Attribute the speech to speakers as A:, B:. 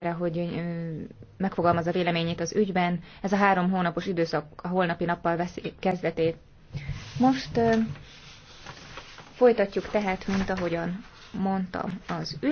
A: erre, hogy megfogalmazza véleményét az ügyben. Ez a három hónapos időszak a holnapi nappal veszi kezdetét. Most folytatjuk
B: tehát, mint ahogyan
C: mondtam, az ügy.